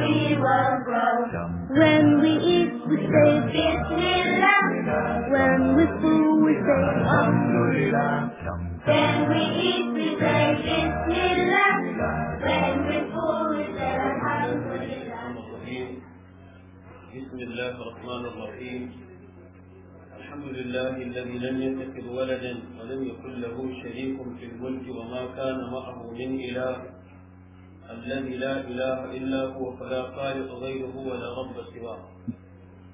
we will grow. When we eat, we say Bismillah. When we fool, we say Alhamdulillah. When we eat, we say Bismillah. When we fool, we say Alhamdulillah. بسم الله الرحمن الرحيم الحمد لله الذي لم يتخذ ولدا ولم يكن له شريك في الملك وما كان معه من اله الذي لا إله إلا هو فلا خالق غيره ولا رب سواه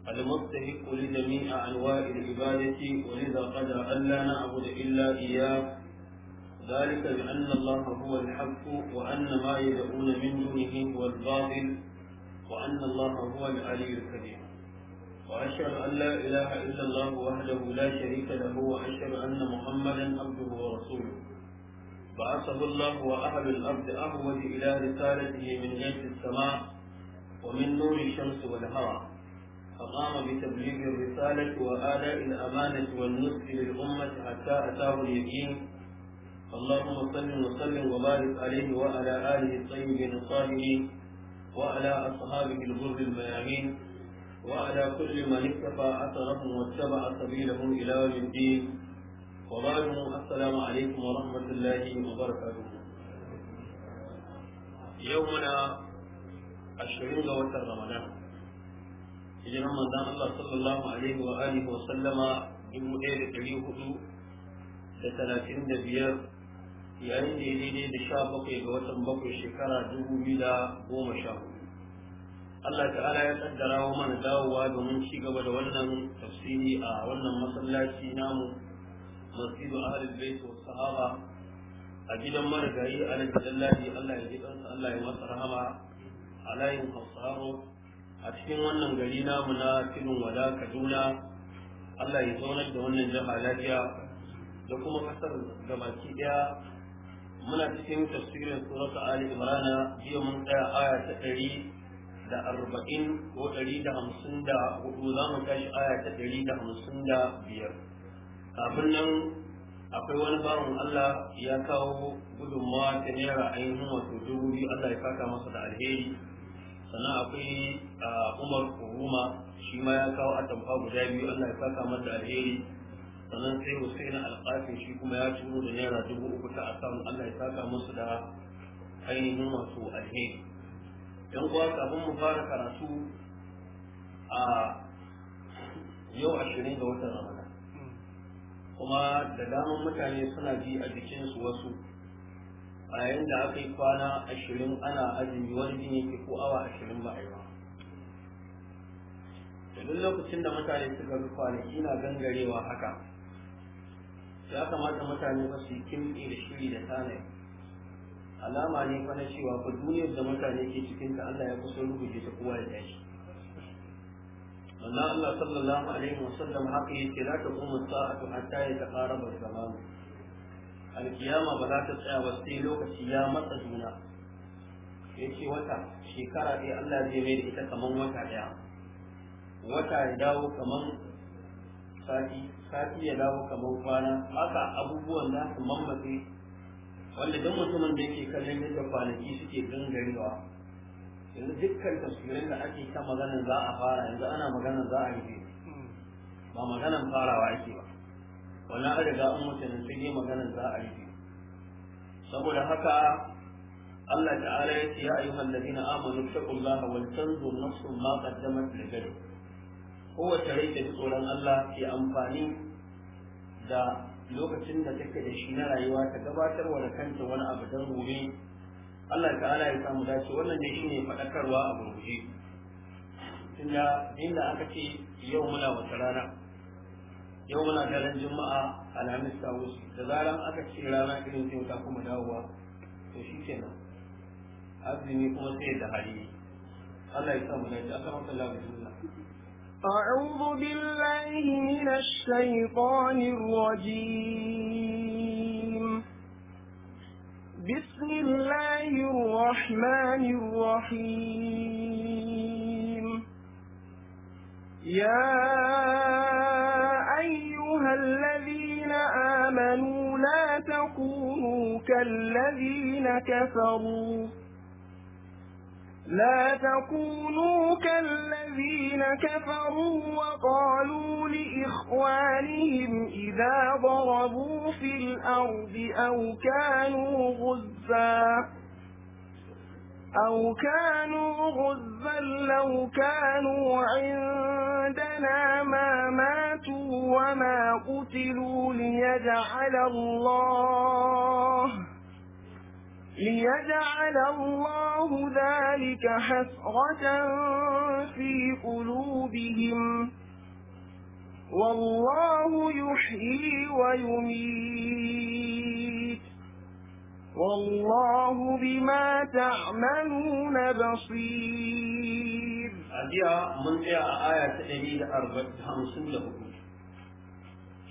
المستحق لجميع أنواع العبادة ولذا قدر أن لا نعبد إلا إياه ذلك بأن الله هو الحق وأن ما يدعون من دونه هو الباطل وأن الله هو العلي الكريم وأشهد أن لا إله إلا الله وحده لا شريك له وأشهد أن محمدا عبده ورسوله بعثه الله وأهل الأرض أهود إلى رسالته من جيش السماء ومن نور الشمس والهوى فقام بتبليغ الرسالة وآلاء الأمانة والنصح للأمة حتى أتاه اليقين اللهم صل وسلم وبارك عليه وعلى آله الطيبين الطاهرين وعلى أصحابه الغر الميامين وعلى كل من اكتفى أثرهم واتبع سبيلهم إلى يوم الدين وبعد السلام عليكم ورحمة الله وبركاته يومنا عشرين وتر رمضان إذن رمضان الله صلى الله عليه وآله وسلم بمدير تليه da talatin da biyar yayin da ya daidai da sha bakwai ga watan bakwai shekara dubu Allah ta'ala ya tsaddara wa mana dawowa domin ci gaba da wannan tafsiri a wannan masallaci namu مسجد أهل البيت والصحابة أجد مرجعي على الجلال الله يجب الله يمسرهما عليهم أصحابه أتكين وانا قلينا منا تلو ولا كدونا الله يزونا دون الجمع لاجيا لكم قصر جماكي muna cikin tafsirin surat Ali Imran jiya mun tsaya aya ta ɗari da arba'in ko ɗari da hamsin da hudu za mu tashi aya ta ɗari da hamsin da biyar. kafin nan akwai wani bawan Allah ya kawo gudunmawa ta naira ainihin wato dubu biyu Allah ya saka masa da alheri sannan akwai Umar Kuruma shi ma ya kawo atamfa guda biyu Allah ya saka masa da alheri sannan sai Hussein Alƙafi shi kuma ya turo da naira dubu uku ta asamu Allah ya saka musu da ainihin wato alheri yan kuwa kafin mu fara karatu a yau ashirin ga watan Ramadan kuma da daman mutane suna ji a jikinsu wasu a yayin da aka yi kwana ashirin ana azumi wani jin yake ko awa ashirin ba a yi ba da duk lokacin da mutane suka ga kwanaki na gangarewa haka ya kamata mutane ba su yi kimɗi da shiri da tane alama ne fa na cewa ba duniyar da mutane ke cikin ta Allah ya kusa rubuce ta kowa ya tashi manzo Allah sallallahu alaihi wasallam haka yake la ta kuma sa'atu hatta ya taqaraba zaman alkiyama ba za ta tsaya ba sai lokaci ya matsa juna yace wata shekara ɗaya Allah zai mai da ita kaman wata ɗaya wata ya dawo kaman sati sati ya dawo kaman kwana haka abubuwan za su mammatse wanda duk mutumin da yake kallon yadda kwanaki suke gangarewa yanzu dukkan tafsirin da ake ta maganar za a fara yanzu ana maganar za a yi ba maganar farawa ake ba wannan an riga an mutane sai maganar za a yi saboda haka Allah ta'ala ya ce ya ayyuhal ladina amanu taqullaha wal tanzur nafsun ma qaddamat li kowace rai da tsoron Allah ke amfani da lokacin da take da shi na rayuwa ta gabatar wa da kanta wani abu dan gobe Allah ta'ala ya samu dace wannan ne shine fadakarwa a gurguje tunda inda aka ce yau muna wata rana yau muna daren juma'a alhamis ta wuce da zaran aka ce rana irin sai ta kuma dawowa to shi kenan azumi kuma sai da hali Allah ya samu dace aka masa Allah bismillah أعوذ بالله من الشيطان الرجيم بسم الله الرحمن الرحيم يا أيها الذين آمنوا لا تكونوا كالذين كفروا لا تكونوا كالذين كفروا وقالوا لإخوانهم إذا ضربوا في الأرض أو كانوا غزا أو كانوا غزا لو كانوا عندنا ما ماتوا وما قتلوا ليجعل الله ليجعل الله ذلك حسرة في قلوبهم والله يحيي ويميت والله بما تعملون بصير أجيء من آية 154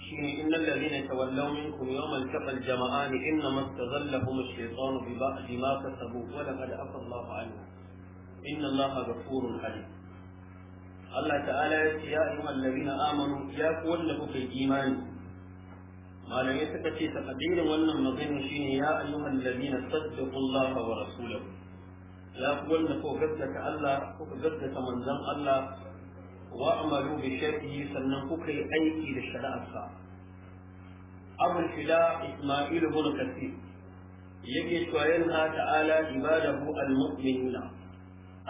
shine innal ladina tawallaw minkum yawmal taqal jama'an inna mastazallahum ash-shaytanu bi ba'd ma kasabu wa laqad afa Allahu anhu inna Allaha ghafurun halim Allah ta'ala ya ce ya ayyuhal ladina amanu ya ku wanda kuka imani malamai suka ce takadirin wannan maganin shine ya ayyuhal ladina saddaqullaha wa rasulahu manzon Allah wa bai bi shar'i sannan kuka yi aiki da shari'arsa abul fila isma'il Ya kasir yake cewa yanha ta'ala ibadahu al-mu'minina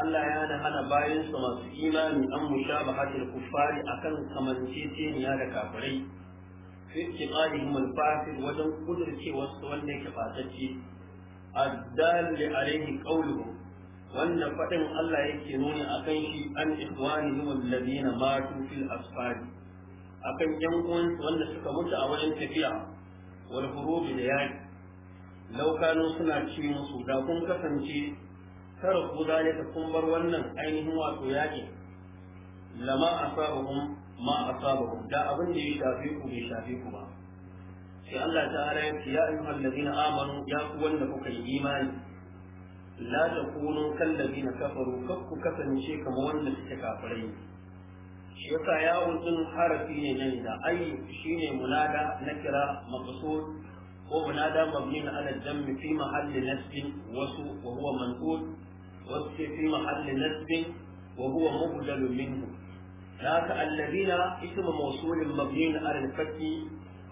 Allah ya na hana bayansa masu imani an mushabahatul kuffari akan kamanceceniya da kafirai fi iqalihim al-fasid wajen kudurce wasu wanda yake fatacce addal alayhi qawluhu wannan faɗin Allah yake nuni akan shi an ikhwanihim alladhina matu fil asfar akan yan uwansu wanda suka mutu a wajen tafiya wal hurubi da yaki law suna ci musu da kun kasance tarafu zalika kun bar wannan ainihin wato yaƙi. lama asabahum ma asabahum da abin da ya shafe ku bai shafe ku ba sai Allah ta'ala ya ce ya amanu ya ku wanda kuka yi imani la takunu kallazina kafaru kaf ku kasance kamar wanda suke kafirai shi yasa yawon din harafi ne nan da ayyu shine munada nakira maqsud ومنادى مبني على الذم في محل نسب وسوء وهو منقول وصف في محل نسب وهو مبدل منه ذاك الذين اسم موصول مبني على الفتح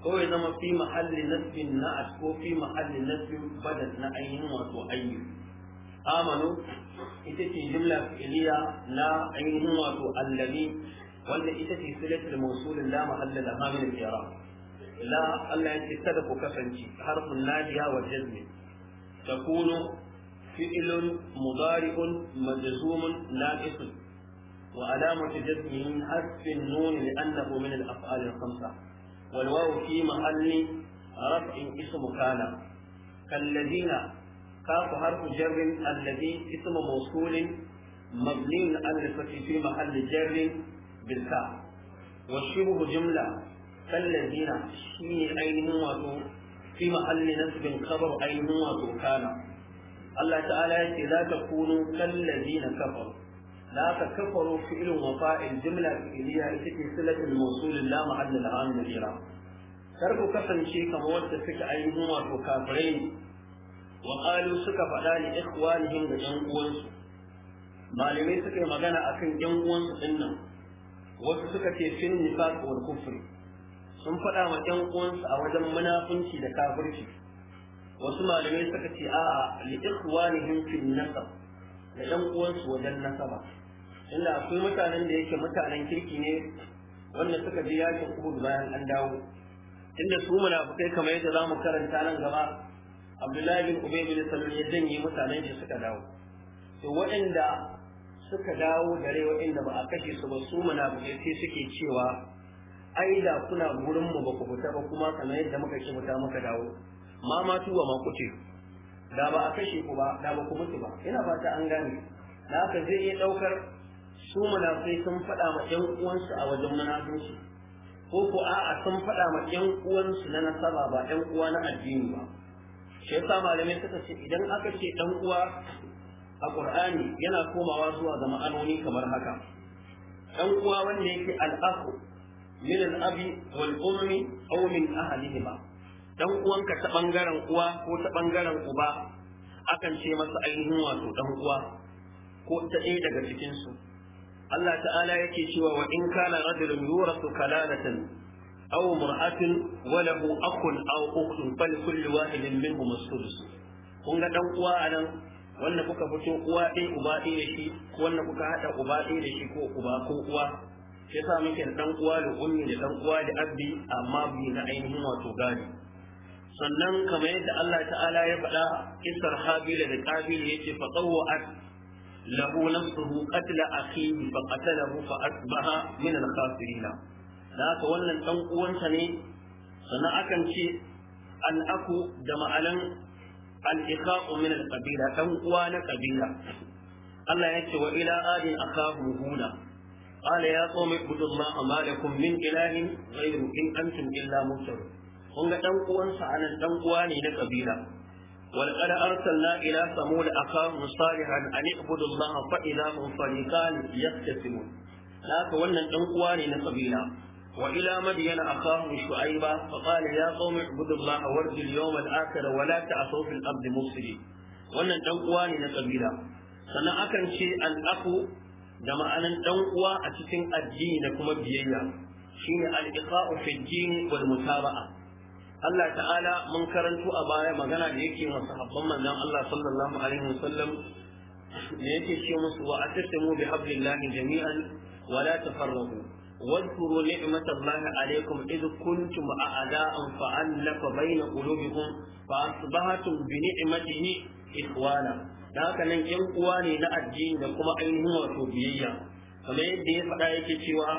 هو إنما في محل نسب نعت وفي محل نسب بدل نعين وتؤيد amanu ita ce jimla fi'iliya na ainihin wato allabi wanda ita ce silatul mawsulin la mahalla la hamil al-i'rab la Allah yake kada ku kasance harfun nadiya wa jazmi takunu fi'lun mudari'un majzumun naqisun wa alamatu jazmihi hasbin nun li'annahu min al-af'al al-khamsa wal wawu fi mahalli رفع اسم كان كالذين كاف حرف جر الذي اسم موصول مبني على الفتح في محل جر بالكاف والشبه جملة كالذين شين أين واتو في محل نسب خبر أين واتو كان الله تعالى لا تكونوا كالذين كفروا لا تكفروا فعل وفاعل جملة فعلية التي صلة الموصول لا محل لها من الإعراب كركو كفن شيء كما ودت فيك أي نوع كافرين وقالوا suka faɗa ne ikhwanihim da ما uwansu malamai suka yi magana akan ɗan uwansu din nan wasu suka ce sun faɗa wa ɗan uwansu a wajen munafunci da kafirci wasu malamai suka ce a'a li ikhwanihim fil nasab da ɗan uwansu wajen nasaba inda akwai mutanen da yake mutanen kirki ne wanda suka je yakin Uhud bayan an dawo inda su munafukai kamar yadda zamu karanta nan gaba abdullahi bin ubay bin salul ya janye mutanen shi suka dawo to waɗanda suka dawo gare waɗanda ba a kashe su ba su munafikai sai suke cewa ai da kuna gurin mu ba ku fita ba kuma kamar yadda muka ce muta muka dawo ma ma tuwa ma kuce da ba a kashe ku ba da ba ku mutu ba ina fata an gane da haka zai iya ɗaukar su sai sun faɗa ma ƴan uwansu a wajen munafinci ko ko a'a sun faɗa ma ƴan uwansu na nasaba ba ƴan uwa na addini ba shi yasa malamai suka ce idan aka ce dan uwa a qur'ani yana komawa zuwa ga ma'anoni kamar haka dan uwa wanda yake al'afu min al-abi wal ummi aw min ahlihima dan uwanka ta bangaren uwa ko ta bangaren uba akan ce masa ainihin wato dan uwa ko ta ɗaya daga cikin su Allah ta'ala yake cewa wa in kana rajulun yurasu kalalatan أو امرأة وله أخ أو أخت فلكل واحد منهم السدس kun ga dan uwa a nan wanda kuka fito uwa ɗaya uba ɗaya da shi ko wanda kuka haɗa uba ɗaya da shi ko uba ko uwa ya sa muke da dan uwa da ummi da dan uwa da abdi amma bi na ainihin wato gani sannan kamar yadda Allah ta'ala ya faɗa isar habil da qabil yace fa qawwa'at lahu nafsuhu qatla akhihi fa qatalahu fa asbaha min al-khasirin da haka wannan dan uwansa ne sannan akan ce al'aku da ma'alan al-ikha'u min al uwa na kabila Allah ya ce wa ila adin akahu huda qala ya qawmi ibudullaha ma lakum min ilahin ghayru in antum illa mutar kun ga dan uwansa anan dan uwa ne na kabila ولقد أرسلنا إلى a أخاهم صالحا أن اعبدوا الله فإذا هم فريقان يختصمون لا wannan ɗan uwa ne na kabila وإلى مدين أخاهم شعيبا فقال يا قوم اعبدوا الله وارجوا اليوم الآخر ولا تعصوا في الأرض مفسدين wannan dan uwa ne na kabila Sana'akan ce al'afu da ma'anan dan uwa a cikin addini na kuma biyayya shine al-iqa'u fi dini wal mutaba'a Allah ta'ala mun karanto a baya magana da yake wa sahabban manzon Allah sallallahu alaihi wasallam da yake ce musu wa atasimu bi hablillahi jami'an wa la tafarraqu واذكروا نعمة الله عليكم إذ كنتم أعداء فألف بين قلوبكم فأصبحتم بنعمته إخوانا da haka nan ƴan uwa ne na addini da kuma ainihin wato biyayya kamar yadda ya faɗa yake cewa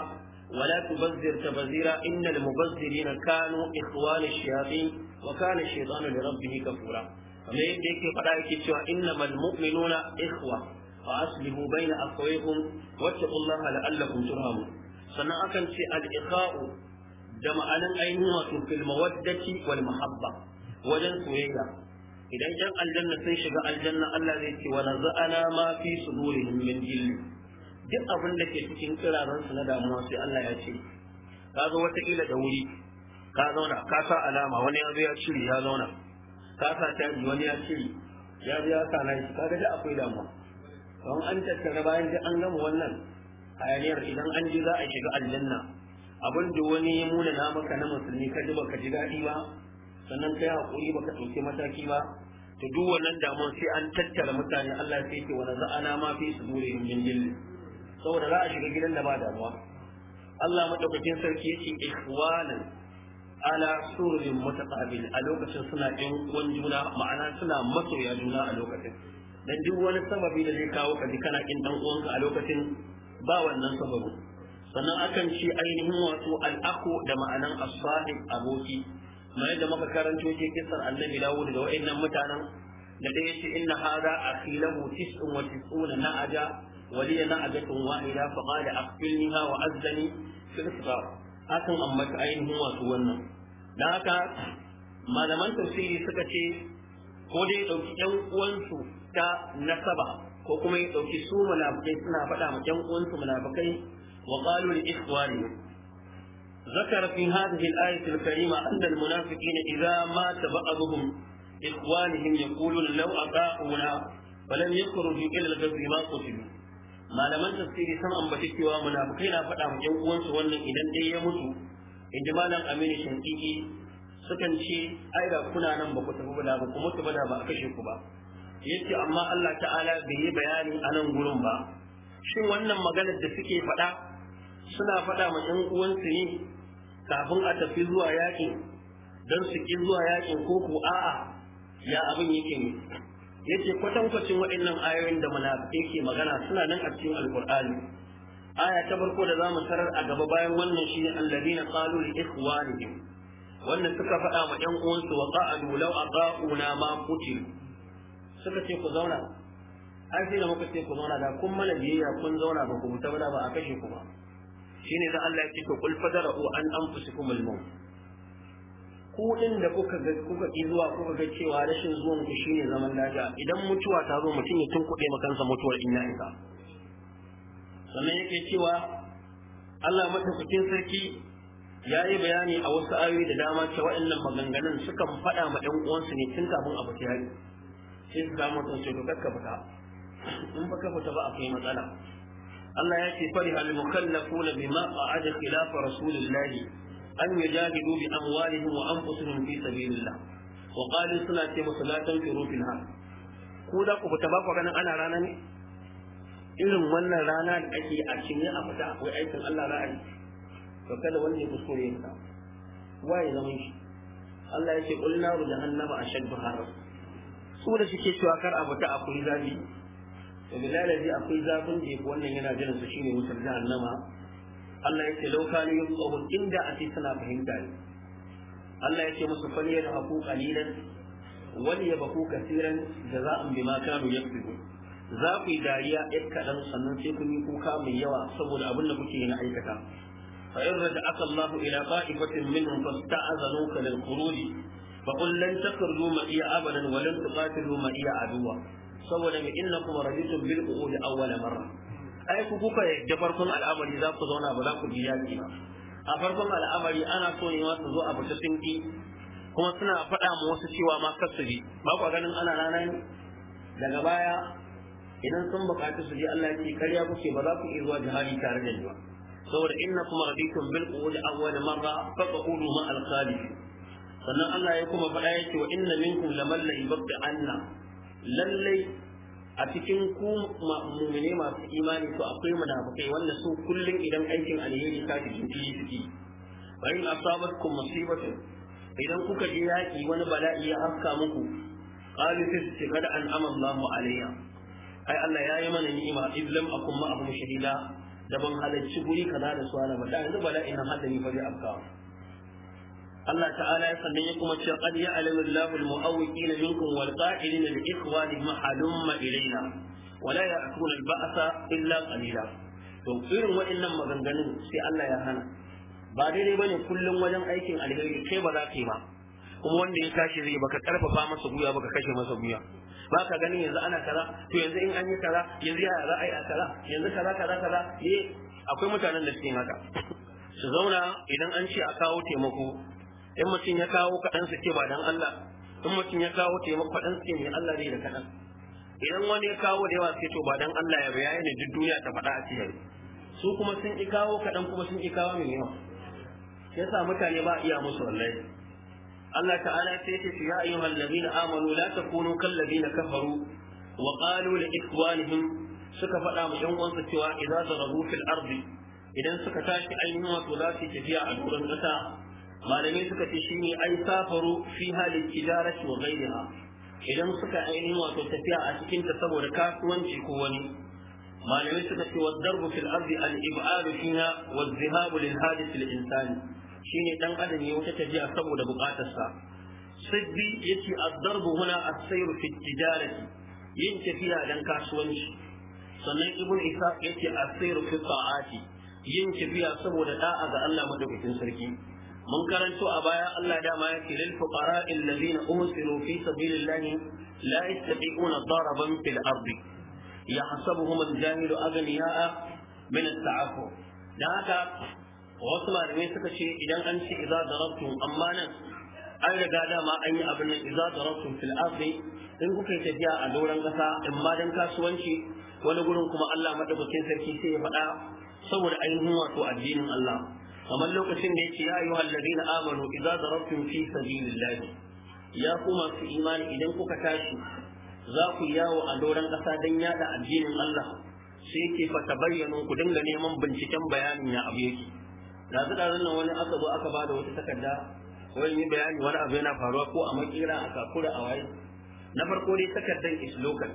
wala tubazzir tabazira innal mubazzirina kanu ikhwana shayatin wa kana shaytanu li rabbih kafura kamar yadda yake faɗa yake cewa innamal mu'minuna ikhwa fa aslihu bayna akhawaykum wattaqullaha la'allakum turhamun sannan akan ce al-iqa'u da ma'anan ainihin wato fil mawaddati wal mahabba wajen soyayya idan yan aljanna sun shiga aljanna Allah zai ce wa naza'ana ma fi sudurihim min jill duk abin da ke cikin kiraran su na damuwa sai Allah ya ce ka zo wata kila da wuri ka zauna ka sa alama wani ya zo ya cire ya zauna ka sa taji wani ya cire ya zo ya sa nashi kaga da akwai damuwa don an tattara bayan da an gama wannan hayaniyar idan an ji za a shiga aljanna abin da wani ya muna na maka na musulmi ka ba ka ji daɗi ba sannan kai hakuri ka ɗauki mataki ba to duk wannan damuwa sai an tattara mutane Allah sai ke wani za'ana ma fi su dure yin jilli saboda za a shiga gidan da ba damuwa Allah madaukakin sarki yake ikhwanan ala surin mutaqabil a lokacin suna ɗan uwan juna ma'ana suna masoya juna a lokacin dan duk wani sababi da zai kawo ka ji kana kin dan uwanka a lokacin ba wannan sababu sannan akan ce ainihin wato al'aku da ma'anan as aboki mai da muka karanto ke kisar annabi dawud da wa'annan mutanen da ɗaya ce inna hada akhi lahu tis'un wa tis'una na'aja ولي نعجة da فقال أقتلنها وأذني في الإصرار أكن أمك ainihin هو wannan. da haka malaman tafsiri suka ce ko dai ɗauki ‘yan uwansu ta nasaba ko kuma ya ɗauki su munafikai suna fada ma ɗan uwansu munafikai wa qalu li ikhwani zakara fi hadhihi al karima anna al-munafiqina idha ma tabaqadhum ikhwanihim yaquluna law aqa'una wa lam yakhru fi illa al-ghadri ma qutil malaman tafsiri san an bace cewa munafikai na fada ma ɗan wannan idan dai ya mutu injimalan amini shinki sukan ce ai da kuna nan ba ku tafi ba ku mutu ba ba a kashe ku ba yace amma Allah ta'ala bai yi bayani a nan gurin ba shin wannan maganar da suke faɗa suna faɗa ma ƴan uwansu ne kafin a tafi zuwa yakin don su ki zuwa yakin ko ko a'a ya abin yake ne yace kwatankwacin waɗannan ayoyin da munafiki ke magana suna nan a cikin alqur'ani aya ta farko da zamu tarar a gaba bayan wannan shine alladina qalu li ikhwanihim wannan suka faɗa ma 'yan uwansu wa qa'adu law aqa'una ma qutilu suka ce ku zauna an sai da muka ce ku zauna da kun mana biyayya kun zauna ba ku mutu ba ba a kashe ku ba shine da Allah ya ce ku kul fadara'u an anfusikum al-maut ku din da kuka ga kuka ki zuwa kuka ga cewa rashin zuwan ku shine zaman lafiya idan mutuwa ta zo mutum ya tunkuɗe makansa mutuwar inna isa sannan yake cewa Allah madaukakin sarki ya yi bayani a wasu ayoyi da dama cewa waɗannan maganganun sukan faɗa ma ɗan uwansu ne tun kafin abu ta yari sai su samu sun ce to kakka fita in baka fita ba akwai matsala Allah ya ce fari al mukallafuna bima qa'ada khilafa rasulillah an yajahidu bi amwalihim wa anfusihim fi sabilillah wa qalu suna ce musu la tanfiru fil har ko da ku fita ba ku ganin ana rana ne irin wannan rana da ake a cinye a fita akwai aikin Allah ra'ayi to kada wani ya kuskure ya fita waye zaman shi Allah ya ce qul naru jahannama ashaddu harar su da suke cewa kar abu ta akwai zafi to bilalabi akwai zafin da yake wannan yana jiran su shine wutar jahannama Allah yake laukani yin tsohon inda a ce suna fahimta ne Allah yake musu faliyar haku kalilan wani ya baku kasiran da za a bima kanu ya fi za ku yi dariya ɗan kaɗan sannan sai kun yi kuka mai yawa saboda abin da kuke na aikata fa in raja'aka Allah ila qa'ifatin minhum fasta'azanuka lil khuruj فقل لن تخرجوا معي ابدا ولن تقاتلوا معي عدوا saboda mai inna kuma rajitum bil qu'udi awwal marra ai ku kuka da farkon al'amari za ku zauna ba za ku ji yaki ba a farkon al'amari ana so ne wasu zo a fita sinki kuma suna faɗa mu wasu cewa ma kasuri ba ku ganin ana rana ne daga baya idan sun bukaci su je Allah ce karya kuke ba za ku iya zuwa jihadi tare da ni ba saboda inna kuma radikum bil qawli awwal marra fa taqulu ma al khalid sannan Allah ya kuma faɗa yake wa inna minkum laman la yubda anna lallai a cikin ku mu'mine masu imani to akwai munafikai wanda su kullun idan aikin alheri ka ji jinjiri suke wa in asabatkum musibatu idan kuka je yaki wani bala'i ya afka muku qalu fi istiqad an amallahu alayya ai Allah ya yi mana ni'ima idlam akum ma'ahum shadida da ban halarci guri kaza da su ana ba da yanzu bala'in nan hadari fa zai afka Allah ta'ala ya sannan ya kuma ce qad ya'lamu Allahu al-mu'awwiqin minkum wal qa'ilina bi ikhwanihim halumma ilayna wala ya'tuna al-ba'sa illa qalila to irin waɗannan maganganun sai Allah ya hana ba daidai bane kullum wajen aikin alheri kai ba za ka yi ba kuma wanda ya tashi zai baka karfafa masa guya baka kashe masa guya ba ka ganin yanzu ana kaza to yanzu in an yi kaza yanzu ya ra'ayi a kaza yanzu kaza kaza kaza eh akwai mutanen da suke haka su zauna idan an ce a kawo taimako in mutum ya kawo kaɗan su ce ba dan Allah in mutum ya kawo taimako kaɗan su ce Allah zai da kaɗan idan wani ya kawo da yawa sai to ba dan Allah ya bayani ne duk duniya ta faɗa a cikin su kuma sun ki kawo kaɗan kuma sun ki kawo mai yawa yasa mutane ba iya musu wallahi Allah ta'ala sai ya ce ya ayyuhal ladina amanu la takunu kal ladina kafaru wa qalu li ikwanihim suka faɗa mu ɗan uwansu cewa idza zarabu fil ardi idan suka tashi ainihin wato za su tafiya a duran ƙasa malamai suka ce ne ai safaru fi halin tijarati wa ghayriha idan suka ainihin wato tafiya a cikin ta saboda kasuwanci ko wani malamai suka ce wadarbu fil ardi al ibadu fiha wa dhahabu lil hadith lil insani shine dan adam ya wuce tafiya saboda bukatarsa sabbi yace ad-darbu huna as-sayr fi tijarati yin tafiya dan kasuwanci sannan ibn isa yace as-sayr fi ta'ati yin tafiya saboda da'a ga Allah madaukakin sarki mun karanto a baya Allah dama ya ce lil fuqara alladhina umsiru fi sabilillahi la yastati'una daraban fil ardi yahsabuhum al-jahilu aghniya'a min at-ta'affuf dan haka wasu malamai suka ce idan an ce idza darabtum amma nan an riga dama anyi abin nan idza da fil ardi in kuka yi tafiya a doron kasa amma ma dan kasuwanci wani gurin kuma Allah madaukakin sarki sai ya faɗa saboda ainihin wato addinin Allah kamar lokacin da yake ya ayyuhal ladina amanu idza darabtum fi sabilillah ya ku masu imani idan kuka tashi za ku yawo a doron ƙasa don yada addinin Allah sai yake fa tabayyanu ku dinga neman binciken bayanin ya abu yake da da nan wani aka zo aka bada wata takarda wani yi bayani wani abu yana faruwa ko a makira a kakura a waye na farko dai takardar is local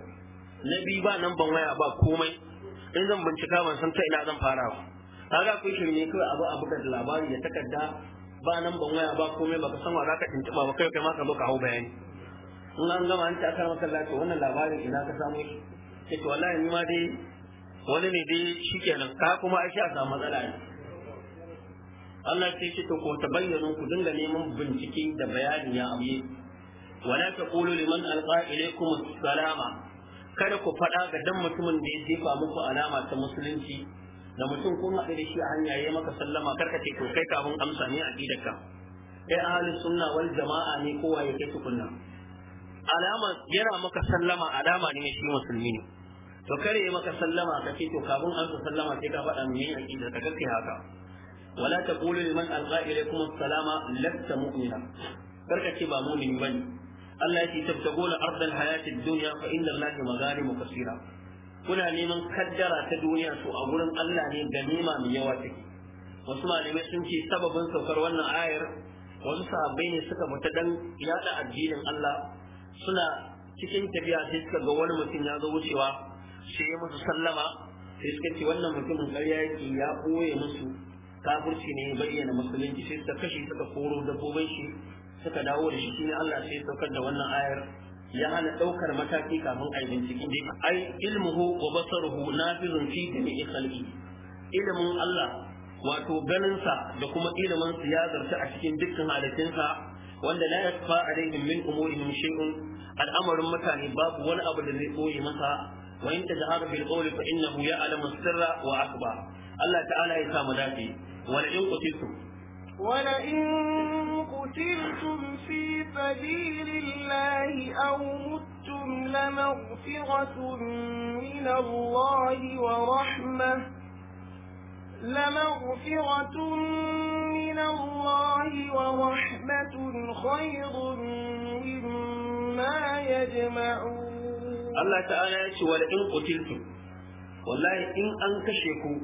na biyu ba nan ban waya ba komai in zan bincika ban san ta ina zan fara ba kaga akwai shirme kawai abu abu da labari ya takarda ba nan ban waya ba komai baka san wa zaka tuntuba ba kai kai ma ka zo ka hawo bayani in an gama an ta aka masallaci wannan labarin ina ka samu shi sai wallahi ni ma dai wani ne dai shikenan ka kuma shi sha samu matsala ne Allah sai shi to ko bayyana ku dinga neman bincike da bayani ya abu wala taqulu liman alqa ilaykum salama kada ku faɗa ga dan mutumin da ya jefa muku alama ta musulunci da mutum kun haɗu da shi a hanya ya maka sallama karka ce to kai kafin amsa ne a ka kai ahalin sunna wal jama'a ne kowa ya kai tukunna alama yana maka sallama alama ne shi musulmi ne to kare ya maka sallama ka ce to kafin amsa sallama sai ka faɗa mene a ƙida ka kai haka wala taqulu liman alqa ilaykum assalama lasta mu'mina karka ce ba mu'min bane Allah ya ce tabtaguna ardal hayatid dunya fa inna lillahi magharimu kaseera kuna neman kaddara ta duniya to a gurin Allah ne ganima mai yawa take wasu malamai sun ce sababin saukar wannan ayar wasu sahabbai ne suka fita dan yada addinin Allah suna cikin tafiya sai suka ga wani mutum ya zo wucewa sai ya musu sallama sai suka ce wannan mutumin ƙarya yake ya ɓoye musu kafirci ne bayyana musulunci sai suka kashe suka koro dabbobin shi suka dawo da shi shine Allah sai saukar da wannan ayar ya hana ɗaukar mataki kafin a yi bincike ai ilmuhu wa basaruhu nafizun fi jami'i khalqi ilmin Allah wato ganinsa da kuma ilimin su ya zarta a cikin dukkan halittunsa wanda la yakfa alaihim min umurihim shay'un al'amarin mutane babu wani abu da zai koyi masa wa in tajhar bil qawli fa innahu ya'lamu sirra wa akbar Allah ta'ala ya mu dace wa in qutitu ولئن قتلتم في سبيل الله أو متم لمغفرة من الله ورحمة لمغفرة من الله ورحمة خير مما يجمعون الله تعالى ولئن قتلتم والله إن أنكشكوا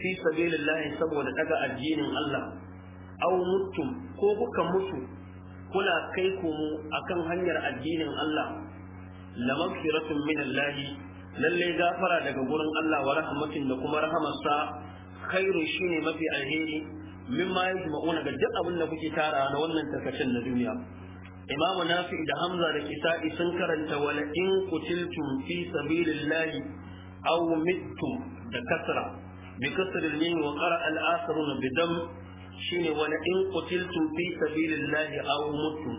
في سبيل الله سبوا لتبع الدين الله aw mutum ko kuka mutu kuna kai komo akan hanyar addinin Allah lamaghfiratun min Allah lalle gafara daga gurin Allah wa rahmatin da kuma rahamarsa khairu shine mafi alheri mimma yajma'una ga duk abin da kuke tara na wannan takacin na duniya imamu nafi da hamza da kisa'i sun karanta wala in qutiltum fi sabilillahi aw mittum da kasra bi kasril min wa qara al-akhirun bi dam shine wani in qutiltu fi sabilillahi aw mutu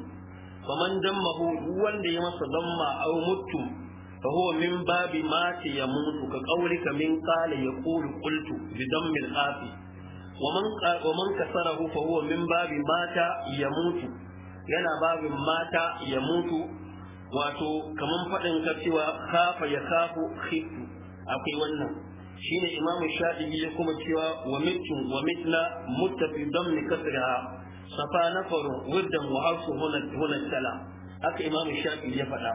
damma dammahu wanda ya masa damma aw mutu fa huwa min babi mati ya mutu ka qaulika min qala yaqulu qultu bi dammil afi ومن ومن كسره فهو من باب ya mutu? yana babin mata ya mutu wato kaman faɗin ka cewa kafa ya kafu khitu akwai wannan shine imamu shafi'i ya kuma cewa wa mitun wa mitna muttafi damni kasriha safa nafaru wuddan wa hasu huna huna haka imamu shafi'i ya faɗa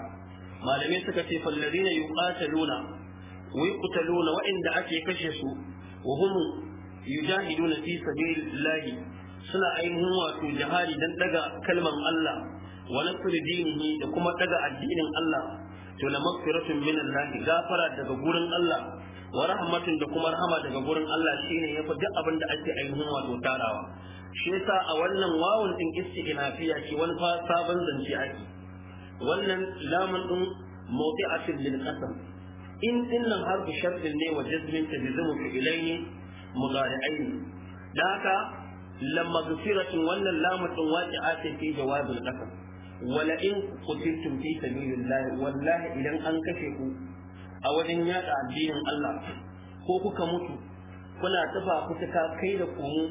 malamai suka ce fallazina yuqataluna wa yuqtaluna wa inda ake kashe su wa hum yujahiduna fi sabilillahi suna ainihin wato jihadi dan daga kalman Allah wa nasr dinihi da kuma daga addinin Allah to la maghfiratun min Allah gafara daga gurin Allah wa rahmatin da kuma rahama daga gurin Allah shine ya fi duk abin da ake ainihin wato tarawa shi yasa a wannan wawun din istighnafiya ce wani fa sabon zance ake wannan lamun din mawdi'atin lil qasam in din nan harfu shartin ne wa jazmin ta tajzimu fi ilayni mudari'ain da haka lamma gafiratin wannan lamun din waqi'atin fi jawabil qasam wala in qutiltum fi sabilillah wallahi idan an kashe ku a wajen yaka addinin Allah ko kuka mutu kuna tafa kuka kai da komo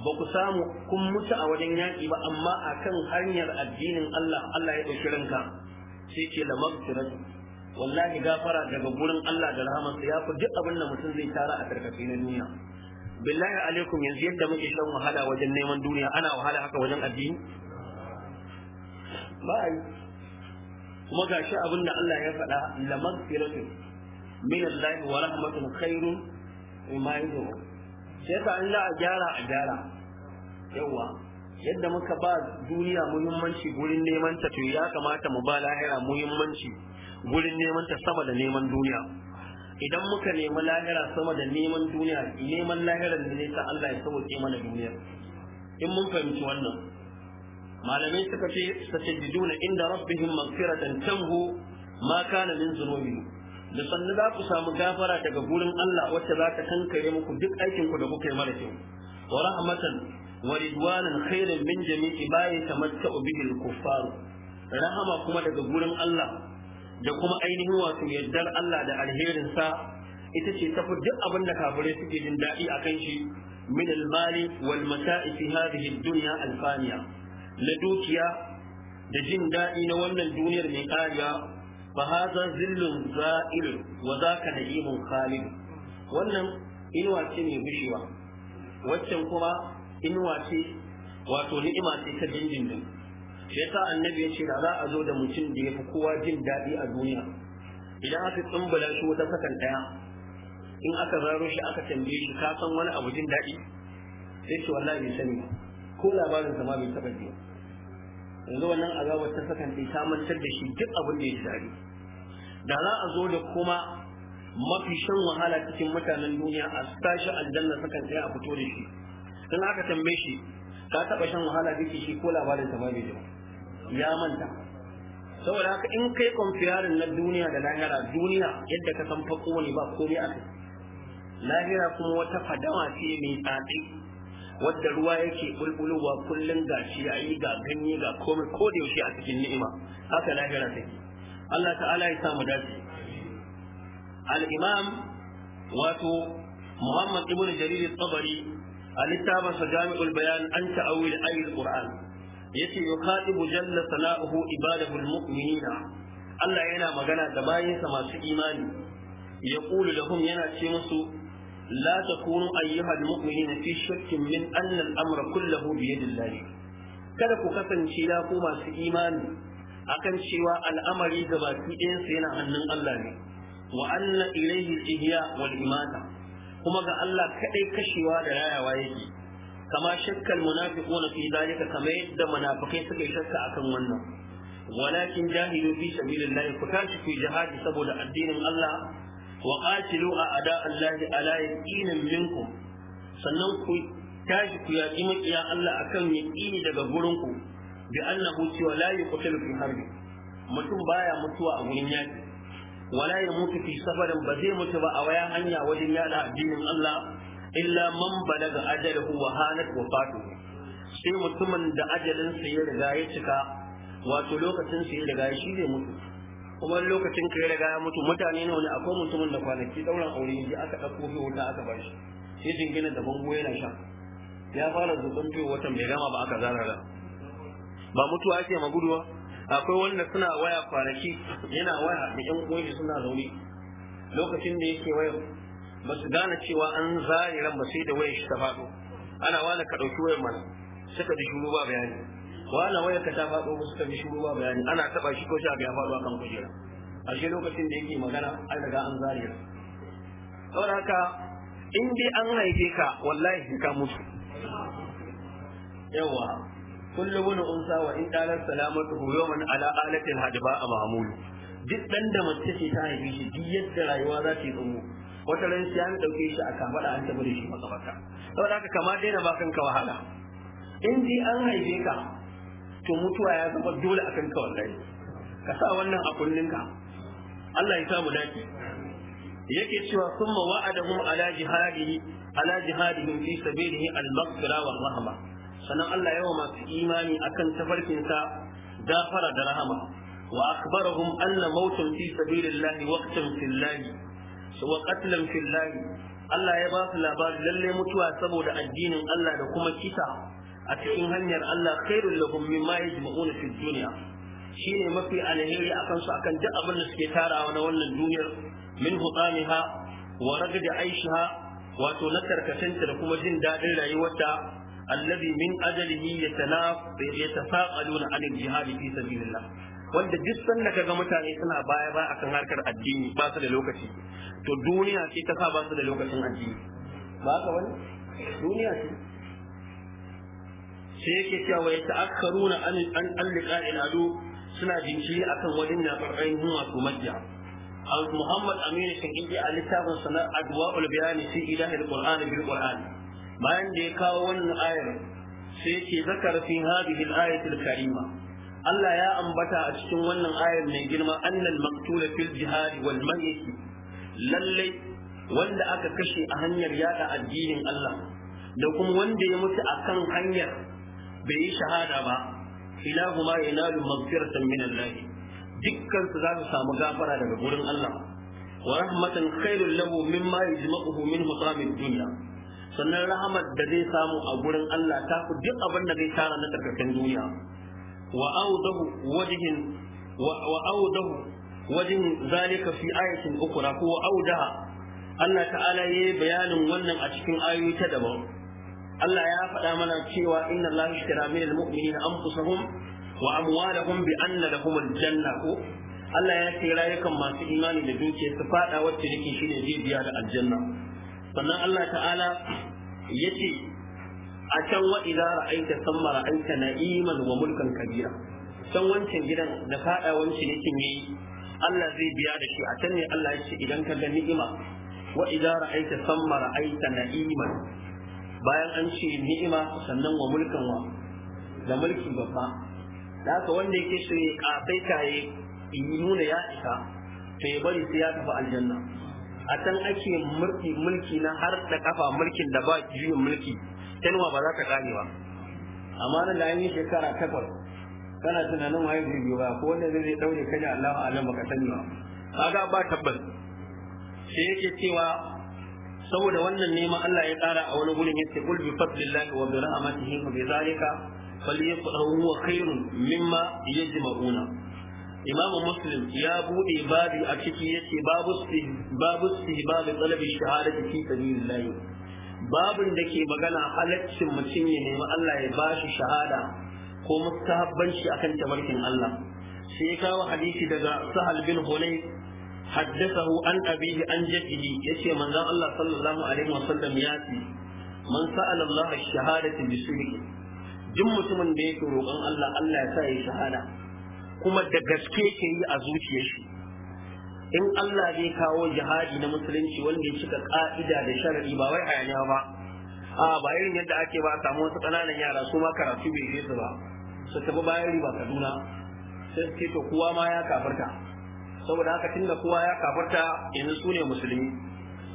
ba ku samu kun mutu a wajen yaƙi ba amma a kan hanyar addinin Allah Allah ya ɗauki ranka sai ce da maghfirat wallahi gafara daga gurin Allah da rahamarsa ya fi duk abin da mutum zai tara a karkashi na duniya billahi alaikum yanzu yadda muke shan wahala wajen neman duniya ana wahala haka wajen addini ba kuma gashi abin da Allah ya faɗa la maghfiratu min Allah wa rahmatun khairun ma yajma'un sai ta Allah a gyara a gyara yawa yadda muka ba duniya muhimmanci gurin neman ta to ya kamata mu ba lahira muhimmanci gurin neman ta sama da neman duniya idan muka nemi lahira sama da neman duniya neman lahirar ne ta Allah ya sauke mana duniya in mun fahimci wannan malamai suka ce satajiduna inda rabbihim maghfiratan tamhu ma kana min zunubi da za ku samu gafara daga gurin Allah wacce za ta kankare muku duk aikin ku da kuka yi mara kyau wa rahmatan wa ridwanan khairan min jami'i bayi tamatta'u bihi al-kuffar rahama kuma daga gurin Allah da kuma ainihin wato yardar Allah da alherin sa ita ce tafi duk abin da kafirai suke jin daɗi akan shi min al-mali wal mata'i fi hadhihi ad-dunya al na dukiya da jin daɗi na wannan duniyar mai ƙariya ha haza zillun za'ir wa za ka zaka na'imun khalid wannan inuwa ce mai bushewa waccan kuma inuwa ce wato ni'ima ce ta dindindin shi yasa annabi ya ce da za a zo da mutum da ya fi kowa jin daɗi a duniya idan aka tsumbala shi wata sakan ɗaya in aka zaro shi aka tambaye shi ka san wani abu jin daɗi sai ce wallahi bai sani ko labarin sa ma bai taba ji yanzu wannan azabar ta sakan ta samantar da shi duk abin da ya tare da za a zo da kuma mafi shan wahala cikin mutanen duniya a tashi aljanna sakan sai a fito da shi dan aka tambaye shi ka taba shan wahala dake shi ko labarin sa ma bai ji ya manta saboda haka in kai kwamfiyarin na duniya da lahira duniya yadda ka san fa kowane ba komai a kai lahira kuma wata fadama ce mai tsatsi wadda ruwa yake bulbulowa kullum ga yi ga ganye ga komai ko da yaushe a cikin ni'ima haka lahira take Allah ta'ala ya samu dace al-imam wato Muhammad ibn Jarir al-Tabari a littafin sa Jami'ul Bayan an ta'awil ayil Qur'an yace yukhatibu jalla sala'uhu ibadahu al-mu'minina Allah yana magana da bayinsa masu imani yaqulu lahum yana ce musu لا تكونوا أيها المؤمنين في شك من أن الأمر كله بيد الله kada ku kasance ya masu imani akan cewa al'amari gabaki ɗayansa yana hannun Allah ne wa anna ilaihi ihya kuma ga Allah kaɗai kashewa da rayawa yake kama shakkal munafiquna fi dalika kama yadda munafikai suka yi shakka akan wannan walakin jahilu fi sabilillahi ku tashi ku jihadi saboda addinin Allah wa qatilu a'da Allah ala yaqinin minkum sannan ku tashi ku yaƙi maƙiya Allah akan yaqini daga gurin ku allah annahu cewa la yuqtalu fi harbi mutum baya mutuwa a gurin yaki. wala ya mutu fi safarin ba zai mutu ba a wayan hanya wajen yada addinin Allah illa man balaga ajalahu wa hanat sai mutumin da ajalinsa ya riga ya cika wato lokacin sa ya riga shi zai mutu kuma lokacin ka ya riga ya mutu mutane ne wani akwai mutumin da kwanaki dauran aure ji aka dauko fi wuta aka bar shi sai jingina da bango yana sha ya fara zuban fi watan bai gama ba aka zara ba mutuwa ake maguduwa akwai wanda suna waya kwanaki yana waya da yan uwanshi suna zaune lokacin da yake wayar ba su gane cewa an zari ran ba sai da wayar shi ta faɗo ana wani ka ɗauki wayar mana suka ji shuru ba bayani wala waya ka ta faɗo musu ka bi shiru ba bayani ana taba shi ko shafi ya faɗo a kan kujera a shi lokacin da yake magana an daga an zariya saboda haka in dai an haife ka wallahi ka mutu yawa kullu wani unsa wa in dalar salamatu hu yawman ala alatil hadba a mahmulu duk dan da mace ce ta haife shi duk yadda rayuwa za ta yi tsumo wata ran shi an dauke shi a kafada an tabbata shi makabarta saboda haka kama daina ba kanka wahala in dai an haife ka to mutuwa ya zama dole a kanka wallahi ka sa wannan a kunninka Allah ya sa mu dace yake cewa summa wa'adahum ala jihadihi ala jihadihim fi sabilihi al-maghfira wa rahma sannan Allah ya wa masu imani akan tafarkinsa gafara da rahama wa akhbarahum anna mautan fi sabilillahi waqtan fillahi wa qatlan fillahi Allah ya ba su labari lalle mutuwa saboda addinin Allah da kuma kisa a cikin hanyar Allah khairul lahum mimma yajma'una fid dunya shine mafi alheri akan su akan duk abin da suke tarawa na wannan duniyar min hutamiha wa ragd aishiha wato na karkashinta da kuma jin dadin rayuwarta alladhi min ajalihi yatanaf yatasaqaluna an al-jihad fi sabilillah wanda duk sanda kaga mutane suna baya ba akan harkar addini ba su da lokaci to duniya ce ta sa ba su da lokacin addini ba ka wani duniya ce sai yake cewa wa yata'akkaruna an an allika il'adu suna jinkiri akan wajen na ainihin wato majiya Muhammad Aminu Shaqiqi a littafin sana Adwa'ul Bayani fi Ilahil Qur'an bil Qur'an bayan da ya kawo wannan ayar sai yake zakara fi hadhihi al-ayatil karima Allah ya ambata a cikin wannan ayar mai girma annal maqtul fil jihad wal mayyit lalle wanda aka kashe a hanyar yada addinin Allah da kuma wanda ya mutu akan hanyar bai yi shahada ba kilahuma yanalu maghfiratan min Allah dukkan su za su samu gafara daga gurin Allah wa rahmatan khairul lahu mimma yajma'uhu min hutamid dunya sannan rahmat da zai samu a gurin Allah ta ku duk abin da zai tara na tarkacin duniya wa awdahu wajhin wa awdahu wajhin zalika fi ayatin ko awdaha Allah ta'ala yayi bayanin wannan a cikin ayoyi ta daban Allah ya faɗa mana cewa inna Allah ishtara min al-mu'minina anfusahum wa da bi anna lahum al-janna ko Allah ya ce rayukan masu imani da dukiya su faɗa wacce yake shine zai biya da aljanna sannan Allah ta'ala a can wa ra'aita ra'aita na'iman mulkan kabira can wancan gidan da faɗa wancan yake ne Allah zai biya da shi a can ne Allah ya ce idan ka ga ni'ima wa idza ra'aita samma ra'aita na'iman bayan an ce ni'ima sannan wa mulkan wa da mulkin babba da haka wanda yake so ya kafai kaye yi nuna ya isa to ya bari sai ya tafi aljanna a can ake mulki mulki na har da kafa mulkin da ba juyin mulki tanwa ba za ta kare ba amma nan da an yi shekara takwas kana tunanin waye zai biyo ba ko wanda zai daure kaje Allahu alama baka sani ba kaga ba tabbas sai yake cewa saboda wannan neman Allah ya tsara a wani gurin yace kul bi fadlillahi wa bi rahmatihi wa bi zalika falyafrahu huwa khairun mimma yajma'una imam muslim ya bude babi a ciki yace babu babu babu talabi shahadati fi sabilillah babun da ke magana halaccin mutum ya nemi Allah ya bashi shahada ko mustahabbanci akan tabarkin Allah sai ya kawo hadisi daga sahal bin hulay حدثه عن أبيه عن جده يتي من ذا الله صلى الله عليه وسلم ياتي من سأل الله الشهادة بسره duk mutumin da yake roƙon Allah Allah ya sa ya shahada kuma da gaske ke yi a zuciyar shi in Allah zai kawo jihadi na musulunci wanda ya cika ka'ida da shar'i ba wai ayyana ba a ba irin yadda ake ba samu wasu ƙananan yara su ma karatu bai su ba su tafi bayan riba Kaduna sai ce to kowa ma ya kafarta saboda haka tunda kowa ya kafarta yanzu su ne musulmi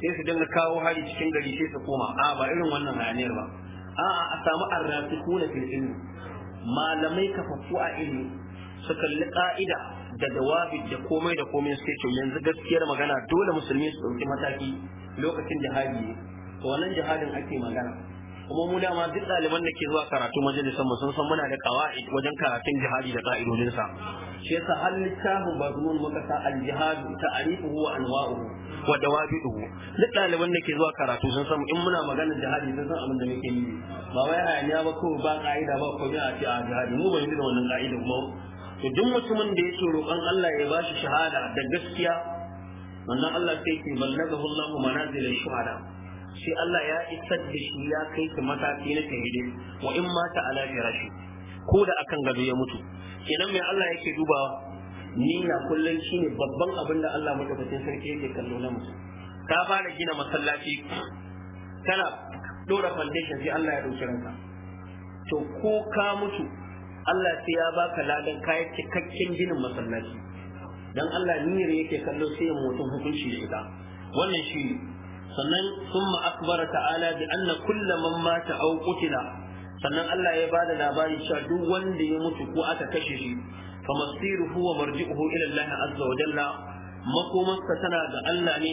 sai su dinga kawo hari cikin gari sai su koma a ba irin wannan hayaniyar ba a a samu arrasikuna fil ilmi malamai kafaffu a ilmi su kalli ka'ida da jawabi da komai da komai suke ce yanzu gaskiyar magana dole musulmi su ɗauki mataki lokacin jihadi ne? to wannan jihadin ake magana kuma mu dama duk ɗaliban da ke zuwa karatu majalisar mu sun san muna da kawa'id wajen karatun jihadi da ka'idodinsa shi yasa hal littafin mazmun muka al-jihad ta'rifuhu wa anwa'uhu wa dawabiduhu duk ɗaliban da ke zuwa karatu sun san in muna maganar jihadi sun san abin da muke yi ba wai hayaniya ba ko ba ka'ida ba ko a ce a jihadi mu bai da wannan ka'ida kuma to duk mutumin da yake roƙon Allah ya bashi shahada da gaskiya wannan Allah sai ke ballagahu Allahu manazil shuhada sai Allah ya isar da shi ya kai shi mataki na shahidi wa in mata ala firashi ko da akan gado ya mutu kenan mai Allah yake dubawa ni na kullum shine babban abin da Allah madaukakin sarki yake kallo na mutum ka fara gina masallaci kana dora foundation sai Allah ya dauki ranka to ko ka mutu Allah sai ya baka ladan kayan cikakken ginin masallaci dan Allah niyyar yake kallo sai ya mutum hukunci da ita wannan shi sannan summa akbara ta'ala bi anna kullu man mata aw qutila sannan Allah ya bada labari cewa duk wanda ya mutu ko aka kashe shi fa masiruhu wa marji'uhu ila Allah azza wa jalla makomarsa tana ga Allah ne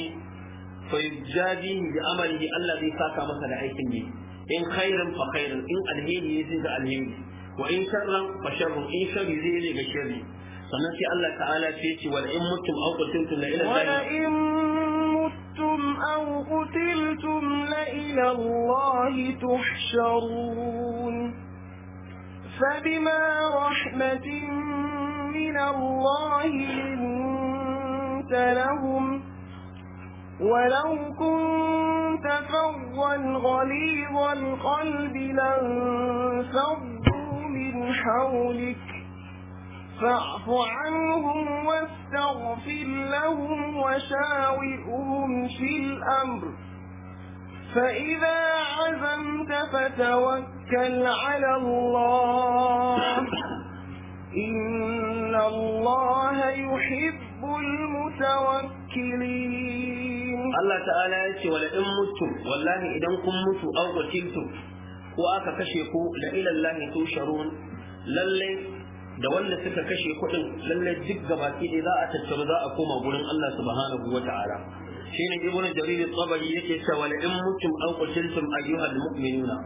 fa yujadihi bi amalihi Allah zai saka masa da aikin ne in khairan fa khairan in alheri ne zai ga alheri wa in sharran fa sharrun in sharri zai ga sharri sannan sai Allah ta'ala ce wal in mutum aw qutiltum la ila Allah ضربتم أو قتلتم لإلى الله تحشرون فبما رحمة من الله لنت لهم ولو كنت فظا غليظ القلب لانفضوا من حولك فاعف عنهم واستغفر لهم وشاورهم في الأمر فإذا عزمت فتوكل على الله إن الله يحب المتوكلين الله تعالى يأتي ولئن متم والله إذا كن متوا أو قتلتم وأكا كشفوا لإلى الله تشرون للي da wanda suka kashe kuɗin lallai duk gabaki ɗaya za a tattaru za a koma gurin Allah subhanahu wa ta'ala shine ibn jarir at yake cewa la in mutum aw qutiltum ayyuha al-mu'minuna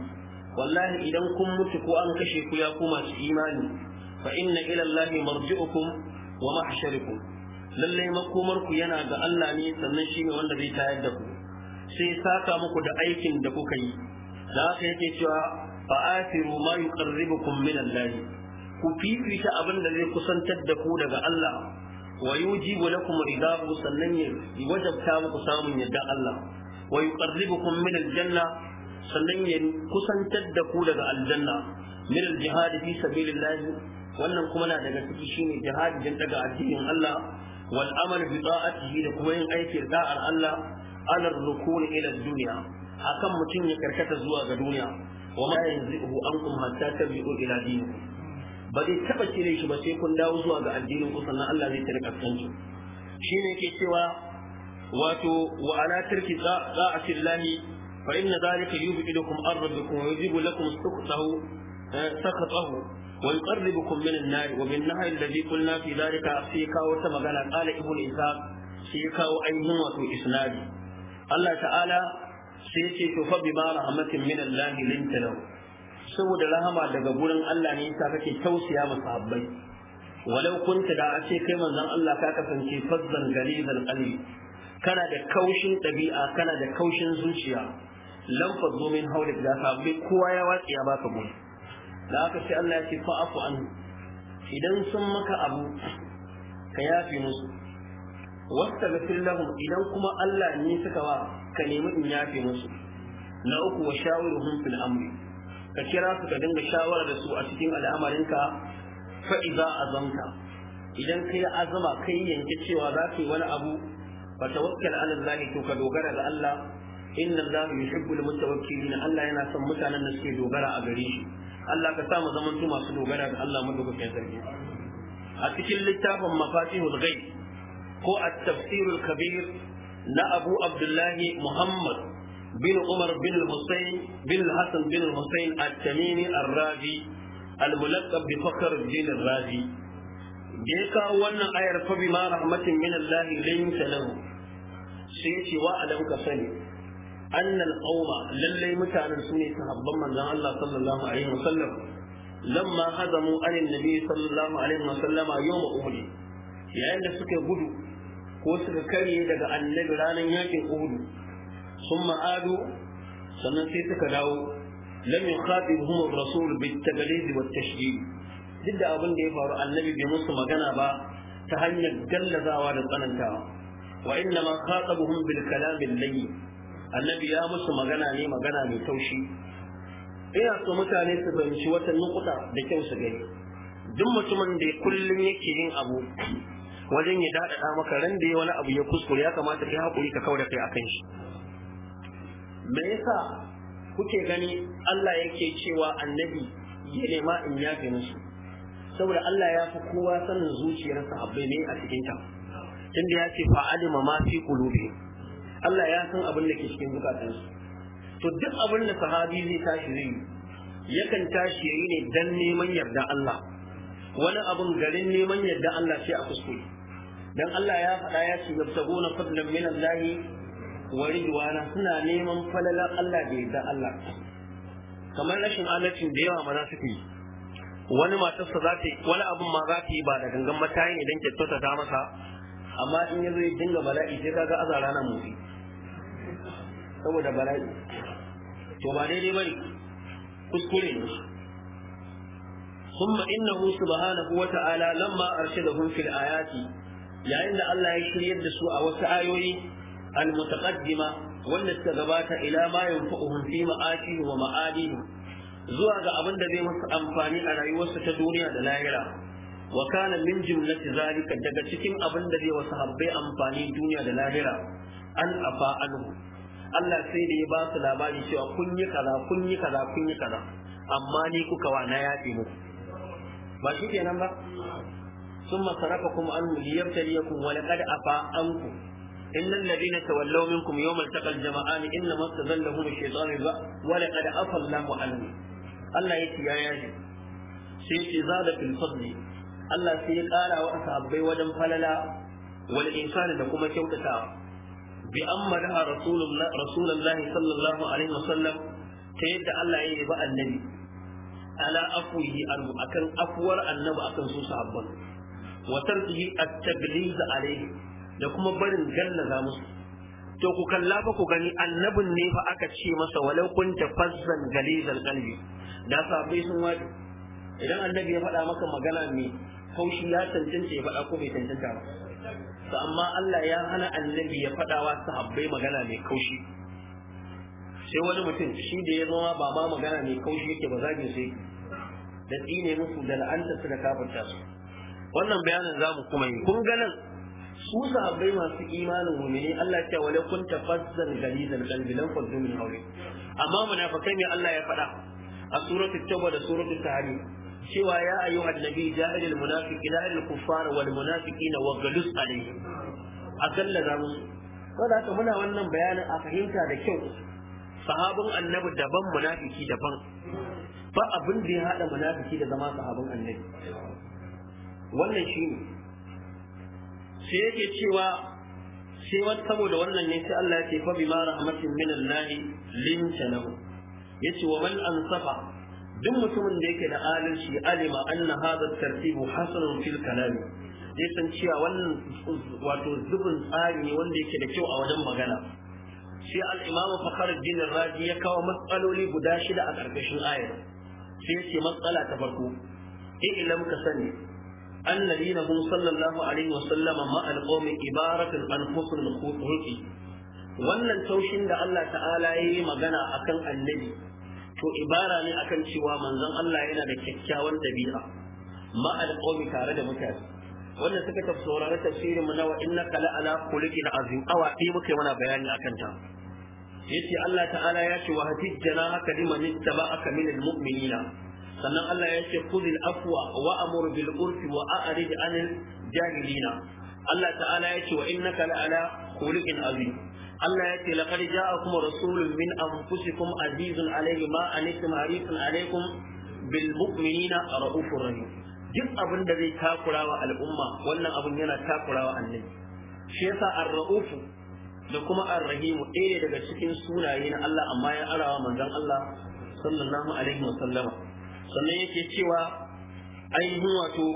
wallahi idan kun mutu ko an kashe ku ya koma su imani fa inna ila Allah marji'ukum wa mahsharukum lallai makomar ku yana ga Allah ne sannan ne wanda zai tayar da ku sai saka muku da aikin da kuka yi da haka yake cewa fa'asiru ma yuqarribukum min Allah ku fifita abin da zai kusantar da ku daga Allah wa yujibu lakum ridahu sannan ya wajabta muku samun yadda Allah wa yuqarribukum min aljanna sannan ya kusantar da ku daga aljanna min aljihad fi sabilillah wannan kuma na daga ciki shine jihad dan daga addinin Allah wal amal bi ta'atihi da kuma yin aiki da da'ar Allah ala rukun ila dunya akan mutum ya karkata zuwa ga duniya wa ma yanzihu ankum hatta tabi'u ila dinikum ba zai taba cire shi ba sai kun dawo zuwa ga addinin ku sannan Allah zai tarika kanku shine yake cewa wato wa ala tarki a llahi fa inna zalika yub'idukum an rabbikum wa yujibu lakum sukhtahu eh, sakhatahu wa yuqarribukum min an-nar wa bin nahy alladhi qulna fi dhalika sai kawo ta magana qala ibnu isa sai kawo ainihin wato isnadi Allah ta'ala sai ce to fa bi ma rahmatin min Allah linta saboda rahama daga gurin Allah ne yasa kake tausaya ma sahabbai walau kunta da ace kai manzon Allah ka kasance fazzan galizal qalbi kana da kaushin ɗabi'a kana da kaushin zuciya lam fadhu min hawlik da sahabbai kowa ya watsi ya baka gudu da haka sai Allah ya ce fa'afu an idan sun maka abu ka yafi musu wasta gafir lahum idan kuma Allah ne suka wa ka nemi in yafi musu na uku wa shawiruhum fil amri ka kira su ka dinga shawara da su a cikin al'amarinka fa iza azamta idan kai azama kai yanke cewa za ka yi wani abu fa tawakkal ala Allah to ka dogara ga Allah inna Allah yuhibbul mutawakkilin Allah yana son mutanen da suke dogara a gare shi Allah ka sa mu zaman masu dogara ga Allah mun dogara sarki a cikin littafin mafatihul ghaib ko at-tafsirul kabir na Abu Abdullahi Muhammad بن عمر بن الحسين بن الحسن بن الحسين التميمي الرازي الملقب بفخر الدين الرازي جيكا وانا اير فبما رحمة من الله لنت له سيتي وعلم كسني أن القوم للي متعن سني تهبما من الله صلى الله عليه وسلم لما هزموا عن النبي صلى الله عليه وسلم يوم أهل يعني سكي بدو ko suka kare daga annabi ranar yakin uhudu sun ma'adu sannan sai suka dawo lam yukhatibhum ar-rasul bit-taqlid wat-tashdid duk da abin da ya faru annabi bai musu magana ba ta hanyar gallazawa da tsanantawa wa inna ma khatabuhum bil kalam al annabi ya musu magana ne magana mai taushi ina so mutane su fahimci watan nukuta da kyau su gani duk mutumin da kullum yake yin abu wajen ya daɗaɗa maka ran da ya wani abu ya kuskure ya kamata kai haƙuri ka kaura kai akan shi me yasa kuke gani Allah yake cewa annabi ya nema in yafe musu saboda Allah ya fi kowa sanin zuciyar sahabbai ne a cikin ta tunda ya ce fa alima ma fi qulubi Allah ya san abin da ke cikin su to duk abin da sahabi zai tashi zai yi yakan tashi yayi ne dan neman yarda Allah wani abin garin neman yarda Allah sai a kuskure dan Allah ya faɗa ya ce yabtaguna fadlan min Allah wa ridwana suna neman falalar Allah da yadda Allah kamar rashin adalcin da yawa mana suke yi wani matarsa za ta yi wani abin ma za ta yi ba da gangan matayin idan kyautata ta masa amma in ya zo ya dinga bala'i sai kaga aza rana mutu saboda bala'i to ba daidai ne, kuskure ne ثم إنه سبحانه وتعالى لما أرشدهم في الآيات yayin da Allah ya shiryar da su a wasu ayoyi المتقدمة والتي تغبات إلى ما ينفعهم في مآتهم ومآدهم Zuwa ga abin da zai musu amfani a rayuwarsa ta duniya da lahira wa kana min daga cikin abin da zai wasu habbai amfani duniya da lahira an afa anhu Allah sai da ya ba su labari cewa kun yi kaza kun yi kaza kun yi kaza amma ni kuka wa na yafe ba shi kenan ba sun masaraka kuma an liyabtaliyakum wa laqad afa ankum إن الذين تولوا منكم يوم التقى الجمعان إنما استزلهم الشيطان ولقد عفى الله عنهم الله يتي يا ياجي سيتي زادة الفضل الله سيقال وأصحابي وجم فللا والإنسان لكم كوتتا بأمرها رسول الله رسول الله صلى الله عليه وسلم تيد الله يبقى النبي على أفوه أربع أكن أفور النبي أكن سوس عبد وتركه التبليغ عليه da kuma barin gallaza musu to ku kalla fa ku gani annabin ne fa aka ce masa walau ta fazzan galizal qalbi da sabai sun wadi idan annabi ya faɗa maka magana mai kaushi ya tantance ya faɗa ko bai tantance ba to amma Allah ya hana annabi ya faɗa wa sahabbai magana mai kaushi sai wani mutum shi da ya zama ba ma magana mai kaushi yake ba zagin sai da tsine musu da la'anta suka da kafarta su wannan bayanin zamu kuma yi kun ganin su sahabbai masu imanin ne Allah ya ce wala kunta fazzan galizan qalbi lan faddu min hawli amma munafikai ne Allah ya faɗa a suratul tauba da suratul tahrim cewa ya ayyuha annabi jahilul munafiqina lil kuffar wal munafiqina wa ghalus alaihim akalla za mu saboda haka muna wannan bayanin a fahimta da kyau sahabin annabi daban munafiki daban ba abin da ya hada munafiki da zama sahabin annabi wannan shine sai yake cewa sai wani saboda wannan ne sai Allah ya ce fa bima rahmatin min Allah linta lahu yace wa man ansafa duk mutumin da yake da adalci alima anna hadha tartibu hasanun fil kalami zai san cewa wannan wato zubin tsari ne wanda yake da kyau a wajen magana sai al-imam Fakhruddin Razi ya kawo matsaloli guda shida a karkashin ayar sai yace matsala ta farko ina ka sani الذين هم صلى الله عليه وسلم مع القوم عبارة عن حسن الخلق wannan taushin da Allah ta'ala ya yi magana a kan annabi to ibara ne akan cewa manzon Allah yana da kyakkyawan dabi'a ma alqawmi tare da mutane wannan suka tafsira da tafsirin mana wa innaka la ala khuluqin azim awa dai muke mana bayani akan ta yace Allah ta'ala ya ce wa hatijjana haka liman ittaba'aka minal mu'minina sannan Allah ya ce kudil afwa wa amur bil urfi wa a'rid anil jahilina Allah ta'ala ya ce wa innaka la'ala khuluqin azim Allah ya ce laqad ja'akum rasulun min anfusikum azizun alayhi ma anitum harisun alaykum bil mu'minina raufur rahim duk abin da zai takurawa al'umma wannan abin yana takurawa annabi shi yasa ar-raufu da kuma ar-rahimu ɗaya daga cikin sunaye na Allah amma ya arawa manzon Allah sallallahu alaihi wasallama sannan yake cewa ainihin wato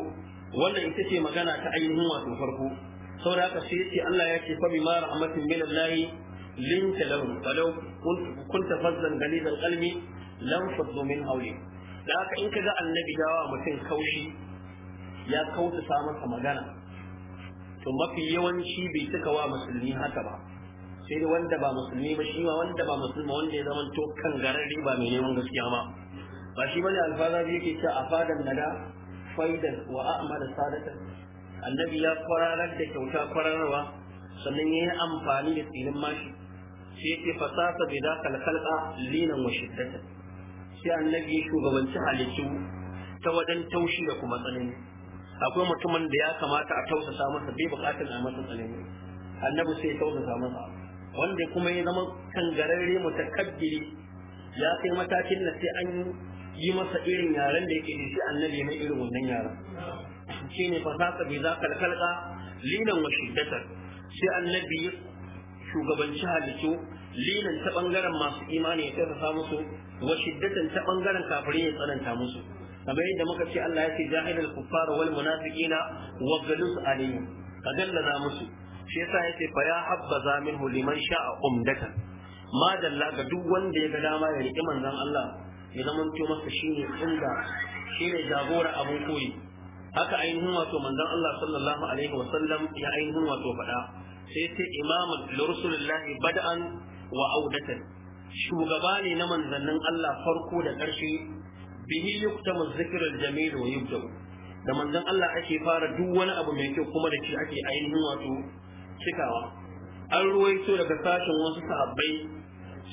wannan ita ce magana ta ainihin wato farko saboda haka sai yace Allah ya ce fa bima rahmatin min Allah linta lahum falau kunta fazzan galid alqalbi lam faddu min hawli da haka in kaga annabi dawa mutum kaushi ya kauta sa masa magana to mafi yawanci bai cika wa musulmi haka ba sai da wanda ba musulmi ba shi ma wanda ba musulma wanda ya zama to kan gararri ba mai neman gaskiya ba ba shi bane alfaza biyu ke cewa afadan nada faidan wa a'mala sadatan annabi ya kwararar da kyauta kwararwa sannan yayi amfani da tsinin mashi sai yake fasasa bi da kalkalqa linan wa shiddatan sai annabi ya shugabanci halittu ta wajen taushi da kuma tsanani akwai mutumin da ya kamata a tausasa masa bai buƙatar a masa tsanani annabi sai ya tausasa masa wanda kuma ya zama kangararre mutakabbiri ya kai matakin da sai an yi masa irin yaren da yake dace annabi mai irin wannan yaren shine fasaka bi za kalkalka linan wa shiddatan sai annabi shugabanci halittu linan ta bangaren masu imani ya karfafa musu wa shiddatan ta bangaren kafirai ya tsananta musu kamar yadda muka ce Allah ya ce jahilul kuffar wal munafiqina wa galus alayhim kagallaza musu shi yasa yace fa ya habbaza minhu liman sha'a umdatan ma dalla ga duk wanda ya ga dama ya riƙi manzon Allah ya zama to masa shine inda shine jagora abun koyi haka ainihin wato manzon Allah sallallahu alaihi wa sallam ya ainihin wato faɗa sai sai imaman lirsulillahi bada'an wa audatan shugaba ne na manzannin Allah farko da ƙarshe bihi yuktamu zikrul jamil wa yubda da manzon Allah ake fara duk wani abu mai kyau kuma da shi ake ainihin wato cikawa an ruwaito daga sashen wasu sahabbai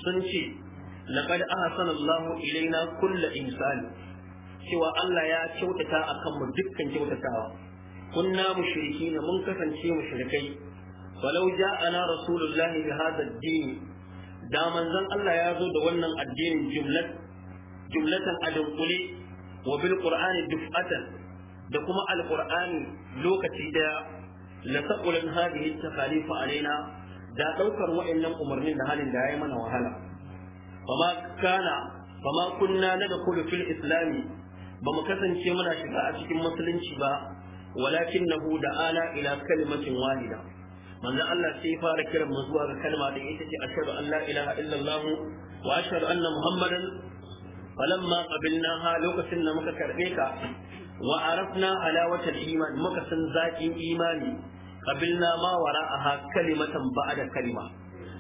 sun ce laqad ahsana Allahu ilaina kulla insan cewa Allah ya kyautata akan mu dukkan kyautatawa kunna mushrikina mun kasance mushrikai walau ja'ana rasulullahi bi hadha ad-din da manzan Allah ya zo da wannan addinin jumlatan adunquli wa bil qur'ani dufatan da kuma Alƙur'ani lokaci daya la saqulan hadhihi at-takalif alaina da ɗaukar wa'annan umarnin da halin da yi mana wahala fama na da fil islami ba mu kasance muna shiga a cikin musulunci ba walakin nahu da ala ila kalimatin wahida Allah sai ya fara kiran mu zuwa ga kalma da ita ce ashhadu an la ilaha illallah wa ashhadu anna muhammadan falamma qabilnaha lokacin da muka karbe ka wa arafna alawatal iman muka san zaƙin imani qabilna ma wara'aha kalimatan ba'da kalima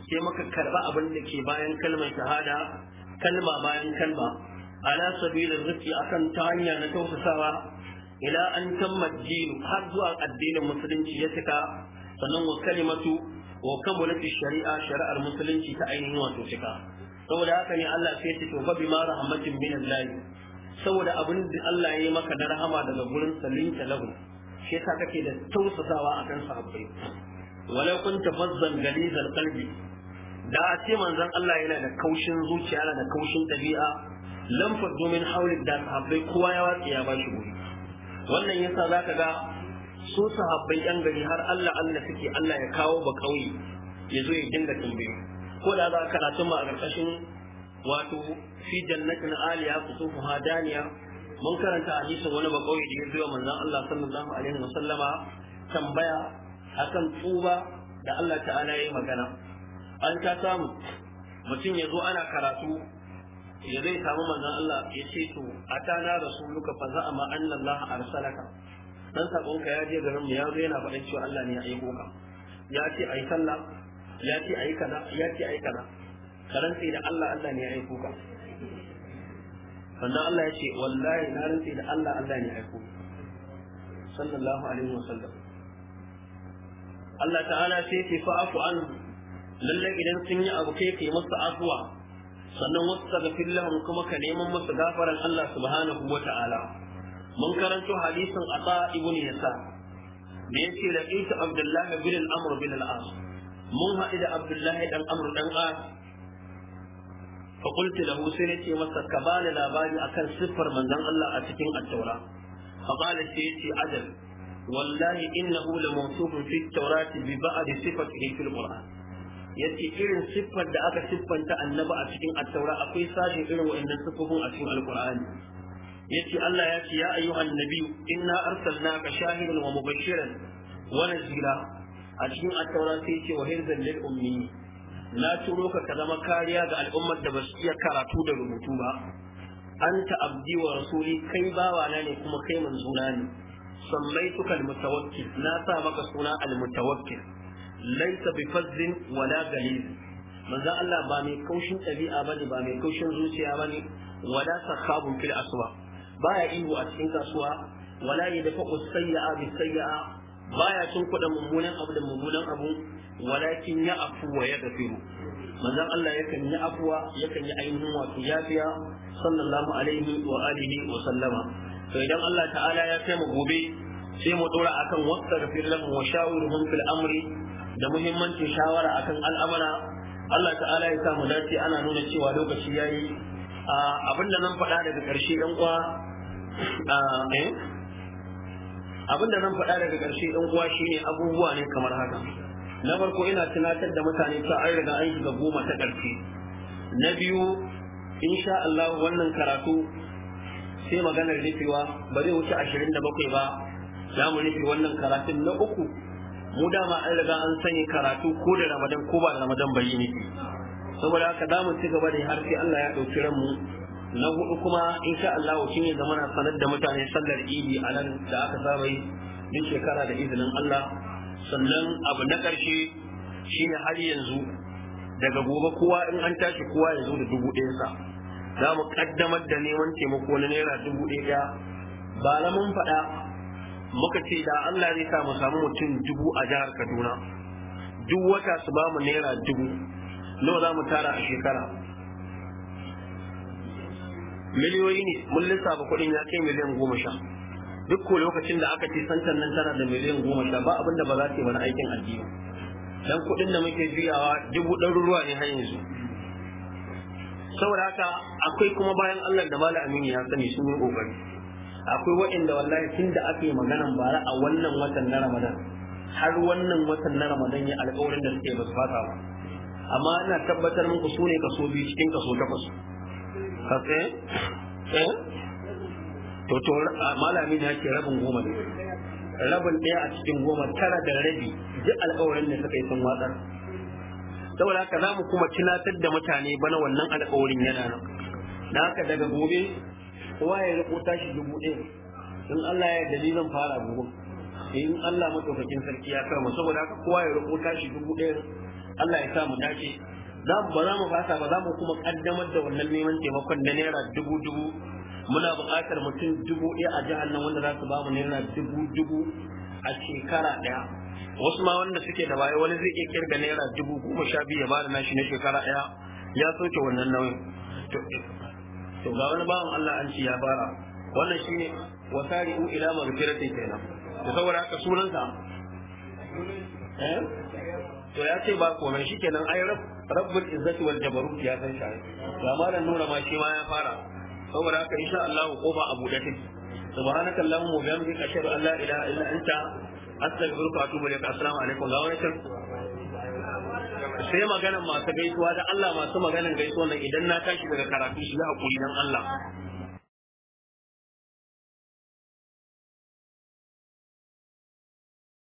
sai muka karba abin da ke bayan kalmar shahada kalma bayan kalma ala sabilin rizki akan ta hanya na tausasawa ila an tamma dinu har zuwa addinin musulunci ya cika sannan wa kalimatu wa kamulat shari'a shari'ar musulunci ta ainihin wato cika saboda haka ne Allah sai ya ce ma fa bima rahmatin min Allah saboda abin da Allah ya yi maka na rahama daga gurin salinta lahu shi yasa kake da tausasawa akan sahabbai walau kunta fazzan galizal qalbi da a ce manzon Allah yana da kaushin zuciya yana da kaushin ɗabi'a lamfar domin min da sahabbai kowa ya watsi ya bashi guri wannan yasa zaka ga su sahabbai yan gari har Allah Allah suke Allah ya kawo ba kauye ya zo ya dinga tambaye ko da za ka karatun ma a ƙarƙashin wato fi jannatin aliya kutufuha hadaniya mun karanta hadisin wani ba kauye da ya zo manzon Allah sallallahu alaihi wasallama tambaya akan tsuba da Allah ta'ala ya yi magana an ta samu mutum ya zo ana karatu ya zai samu manzon Allah ya ce to a ta atana rasuluka fa za'ama anna Allah arsalaka dan sabonka ya je garin mu ya zo yana faɗin cewa Allah ne ya aiko ka ya ce ayi sallah ya ce ayi kaza ya ce ayi kaza karanci da Allah Allah ne ya aiko ka sannan Allah ya ce wallahi na rantsi da Allah Allah ne ya aiko sallallahu alaihi wasallam Allah ta'ala sai ce fa'afu anhu Lallai idan sun yi abu kai kai musu afuwa sannan wasu daga fillahun kuma ka neman musu gafaran Allah subhanahu wa ta'ala mun karanto hadisin ata ibn yasa da yake laqitu abdullah bin al-amr bin al-as mun haɗu da Abdullahi dan amr dan as fa qultu lahu sai nace masa ka bani labari akan siffar manzon Allah a cikin at-taura fa qala sai yace ajal wallahi innahu la fi at-taurati bi ba'd sifatihi fil qur'an yace irin siffar da aka siffanta annabi a cikin attaura akwai sashi irin wa'annan siffofin a cikin alqur'ani yace Allah ya ce ya ayyuhan nabi inna arsalnaka shahidan wa mubashiran wa nadhira a cikin attaura sai yace wa hirzan lil ummi na turo ka zama kariya ga al'ummar da ba iya karatu da rubutu ba anta abdi wa rasuli kai bawana ne kuma kai manzuna ne sallaituka al-mutawakkil na sa maka suna al-mutawakkil laisa bi fazzin wala galiz manzo Allah ba mai kaushin ɗabi'a bane ba mai kaushin zuciya bane wala sakhabun fil aswa baya ihu a cikin kasuwa wala yadfa'u sayya'a bi sayya'a baya tunkuda mummunan abu da mummunan abu walakin ya afu wa ya gafiru manzon Allah yakan yi afuwa yakan yi ainihin wato yafiya sallallahu alaihi wa alihi wa sallama to idan Allah ta'ala ya kai mu gobe sai mu dora akan wasta gafir lahum wa shawirhum fil amri da muhimmancin shawara akan al'amura Allah ta'ala ya sa mu dace ana nuna cewa lokaci yayi abin da nan faɗa daga ƙarshe ɗan uwa eh? abin da nan faɗa daga ƙarshe ɗan uwa shine abubuwa ne kamar haka na farko ina tunatar da mutane ta an riga an shiga goma ta ƙarfi na biyu insha Allah wannan karatu sai maganar rufewa ba zai wuce ashirin da bakwai ba za mu rufe wannan karatun na uku mu dama an riga an sanya karatu ko da ramadan ko ba da ramadan bai yi ne saboda haka za mu ci gaba da har sai Allah ya ɗauki mu. na hudu kuma insha Allah shi ne zamana sanar da mutane sallar idi a nan da aka saba yi shekara da izinin Allah sannan abu na karshe shine har yanzu daga gobe kowa in an tashi kowa ya zo da dubu sa za mu ƙaddamar da neman taimako na naira dubu ɗaya ba na mun faɗa muka ce da Allah zai sa mu samu mutum dubu a jihar Kaduna duk wata su ba mu naira dubu nawa za mu tara a shekara miliyoyi ne mun lissafa kuɗin ya kai miliyan goma sha duk ko lokacin da aka ce santan nan tana da miliyan goma sha ba abinda ba za ta yi mana aikin addini dan kuɗin da muke biyawa dubu ɗaruruwa ne har yanzu saboda haka akwai kuma bayan Allah da Malam Aminu ya sani sun yi ƙoƙari. akwai waɗanda wallahi tun da aka yi maganan bara a wannan watan na ramadan har wannan watan na ramadan ya alƙawarin da suke basu fata ba amma ina tabbatar muku su ne kaso biyu cikin kaso takwas Ka eh? to to malami ne yake rabin goma ne rabin ɗaya a cikin goma tara da rabi duk alƙawarin da suka yi sun watsar saboda haka za mu kuma tunatar da mutane bana wannan alƙawarin yana nan da haka daga gobe kowa ya riko tashi dubu ɗaya in Allah ya yarda fara bugun in Allah matsaukakin sarki ya kama saboda haka kowa ya riko tashi dubu ɗaya Allah ya sa mu dace za ba za mu fasa ba za mu kuma kaddamar da wannan neman taimakon da naira dubu dubu muna buƙatar mutum dubu ɗaya a jihar nan wanda za su ba mu naira dubu dubu a shekara ɗaya wasu ma wanda suke da baya wani zai iya kirga naira dubu goma sha biyu ya ba da nashi na shekara ɗaya ya soke wannan nauyin to ga wani bawan Allah an ci ya fara wannan shi ne shine wasari'u ila maghfirati kenan to saboda haka sunansa eh to ya ce ba komai shikenan ai rabbul izzati wal jabarut ya san shi ga malam nura ma shi ma ya fara saboda haka insha Allah kofa abu da take subhanaka allahumma wa bihamdika ashhadu an la ilaha illa anta astaghfiruka wa atubu ilaik assalamu alaikum ga wani sai maganan masu gaisuwa da Allah masu maganan gaisuwa nan idan na tashi daga karatu shi za a kuri dan Allah